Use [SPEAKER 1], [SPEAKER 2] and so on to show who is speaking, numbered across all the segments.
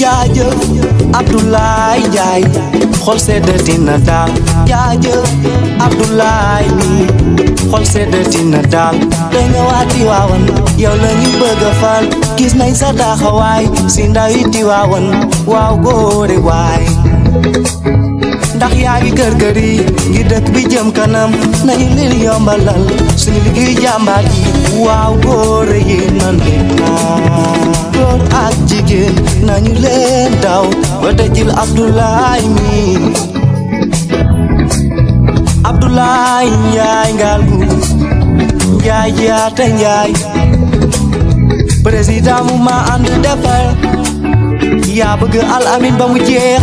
[SPEAKER 1] jaajëf Abdoulaye Ndiaye xol sedd dina daal jaajëf Abdoulaye mi xol sedd dina daal da nga waati waawan yow la ñu bëgg gis nañ sa taxawaay si ndaw yi di waawoon waaw góore waay ndax yaa ngi kër kër yi bi jëm kanam nañu leen yombalal suñu liggéey jàmbaar yi waaw góore yi nan leen moom góor ak jigéen nañu leen daw ba dajil Abdoulaye mi Abdoulaye Njaay ngal gu Njaay jaata Njaay président mu ma ànd defar yaa bëgg al ba mu jeex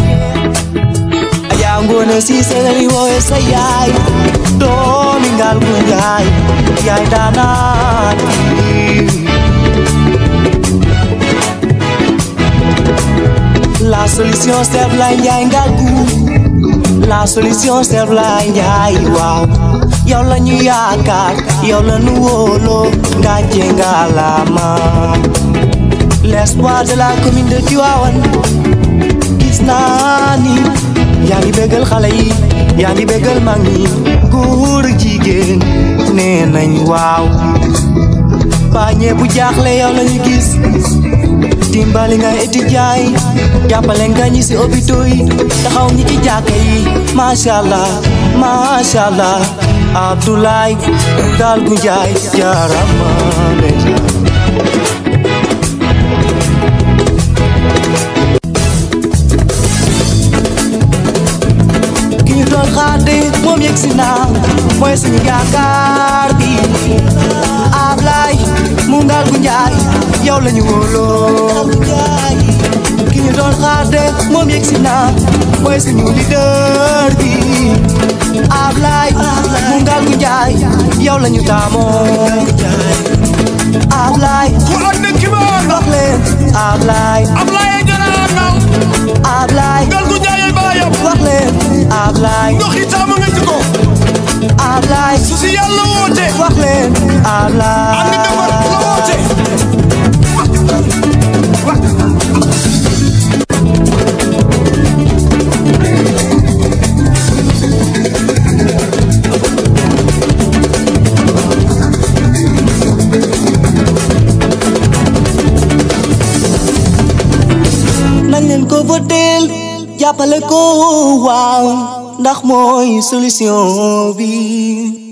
[SPEAKER 1] yaa ngoon a siise la ni wooye doomi ngaal gu yaay yaay daanaan la solution serve la njaay ngaal gu la solution serve la njaay waaw yow la ñu yaakaar yow la ñu wóoloo nga la ma l'espoir de la commune de Tivaouane gis naa ni yaa ngi bégal xale yi yaa ngi bégal mag ñi góor jigéen nee nañ waaw paañe bu jaaxle yow la ñu gis dimbali nga étudiant yi jàppale nga ñi ci hôpitaux taxaw ñi ci jàkka yi macha allah Abdoulaye daal gu njaay jaarama ne moom yegg si naa mooy suñu yaakaar bi Ablaay mu ngaal gu njaay yow la moom yegg si naa mooy suñu yow lañu taamoo Ablaye xoolal ne kibaar wax leen Ablaye Ablaye jëlaat naw Ablaye ngal gu jaayee baayam wax leen Ablaye ndox yi taamu nga ci ko Ablaye su si yàlla woote wax leen Ablaye teel jàppale ko waaw ndax mooy solution bi